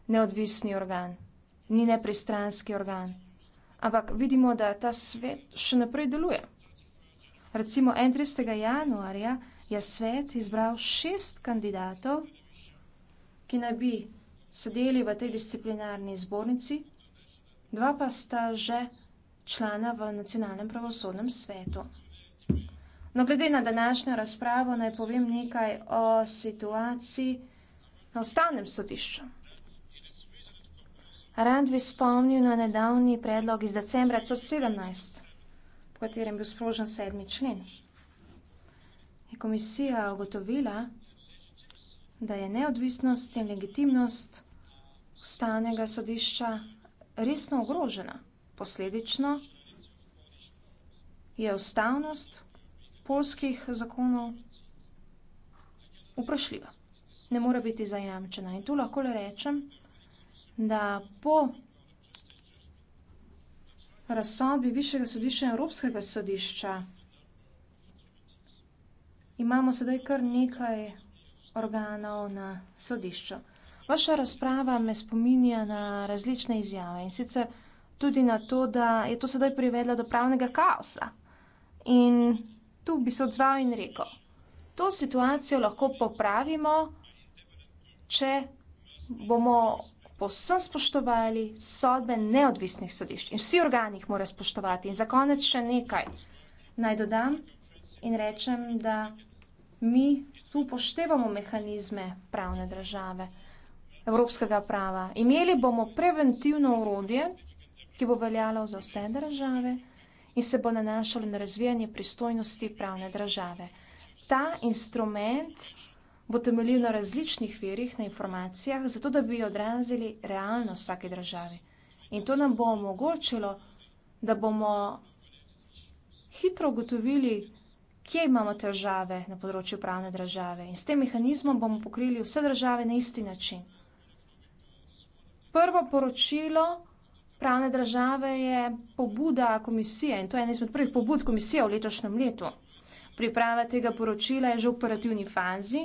neodvisni organ, ni nepristranski organ, ampak vidimo, da ta svet še naprej deluje. Recimo 31. januarja je svet izbral šest kandidatov, ki naj bi sedeli v tej disciplinarni zbornici, dva pa sta že člana v nacionalnem pravosodnem svetu. No, glede na današnjo razpravo, naj povem nekaj o situaciji na ustavnem sodišču. Rad bi spomnil na nedavni predlog iz decembra 2017, v katerem je bil sprožen sedmi člen. Je komisija ugotovila, da je neodvisnost in legitimnost ustavnega sodišča resno ogrožena. Posledično je ustavnost ogrožena polskih zakonov vprašljiva. Ne mora biti zajamčena. In tu lahko le rečem, da po razsodbi Višjega sodišča in Evropskega sodišča imamo sedaj kar nekaj organov na sodišču. Vaša razprava me spominja na različne izjave in sicer tudi na to, da je to sedaj privedlo do pravnega kaosa. In kontaktu, bi se odzval in rekel: To situacijo lahko popravimo, če bomo povsem spoštovali sodbe neodvisnih sodišč. In vsi organi jih morajo spoštovati. In za konec še nekaj naj dodam in rečem, da mi tu upoštevamo mehanizme pravne države, evropskega prava. Imeli bomo preventivno orodje, ki bo veljalo za vse države in se bo nanašalo na razvijanje pristojnosti pravne države. Ta instrument bo temeljil na različnih verjih, na informacijah, zato da bi odrazili realno vsake države. In to nam bo omogočilo, da bomo hitro ugotovili, kje imamo težave na področju pravne države. In s tem mehanizmom bomo pokrili vse države na isti način. Prvo poročilo См pravne države je pobuda komisije in to je en izmed prvih pobud komisije v letošnjem letu. Priprava tega poročila je že v operativni fazi.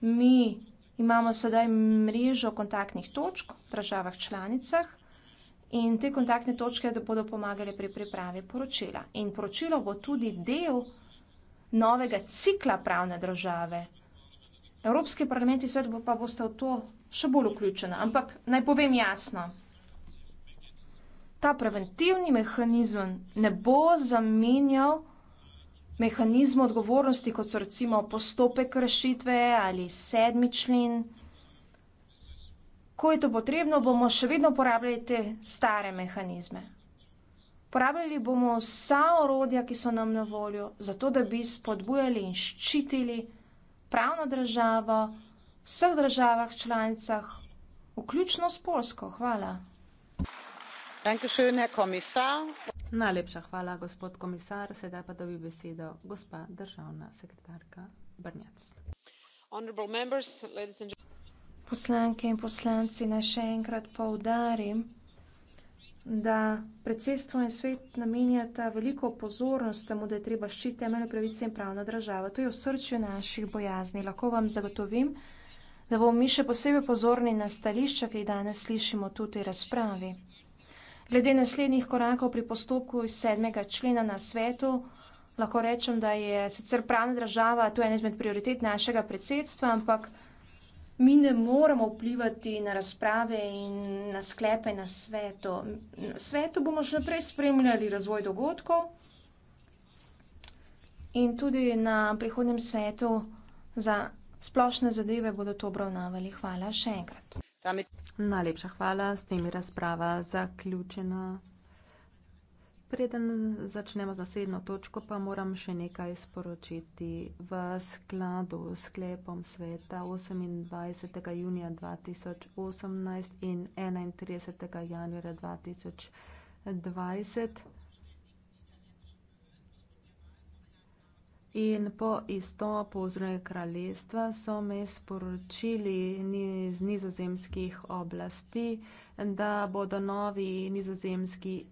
Mi imamo sedaj mrežo kontaktnih točk v državah članicah in te kontaktne točke bodo pomagale pri pripravi poročila. In poročilo bo tudi del novega cikla pravne države. Evropski parlament in svet pa boste v to še bolj vključeni. Ampak naj povem jasno ta preventivni mehanizem ne bo zamenjal mehanizma odgovornosti, kot so recimo postopek rešitve ali sedmi člen. Ko je to potrebno, bomo še vedno uporabljali te stare mehanizme. Uporabljali bomo vsa orodja, ki so nam na voljo, zato da bi spodbujali in ščitili pravno državo v vseh državah članicah, vključno s Polsko. Hvala. Najlepša hvala, gospod komisar. Sedaj pa dobi besedo gospa državna sekretarka Brnjac. Poslanke in poslanci, naj še enkrat poudarim, da predsedstvo in svet namenjata veliko pozornost temu, da je treba ščititi temeljne pravice in pravna država. To je v srčju naših bojazni. Lahko vam zagotovim, da bomo mi še posebej pozorni na stališča, ki jih danes slišimo tudi v razpravi. Glede naslednjih korakov pri postopku iz sedmega člena na svetu, lahko rečem, da je sicer pravna država, to je ena izmed prioritet našega predsedstva, ampak mi ne moremo vplivati na razprave in na sklepe na svetu. Na svetu bomo še naprej spremljali razvoj dogodkov in tudi na prihodnem svetu za splošne zadeve bodo to obravnavali. Hvala še enkrat. Tamit. Najlepša hvala. S tem je razprava zaključena. Preden začnemo z naslednjo točko, pa moram še nekaj sporočiti. V skladu s sklepom sveta 28. junija 2018 in 31. januarja 2020. In po izstopu zrej kraljestva so me sporočili iz nizozemskih oblasti, da bodo novi nizozemski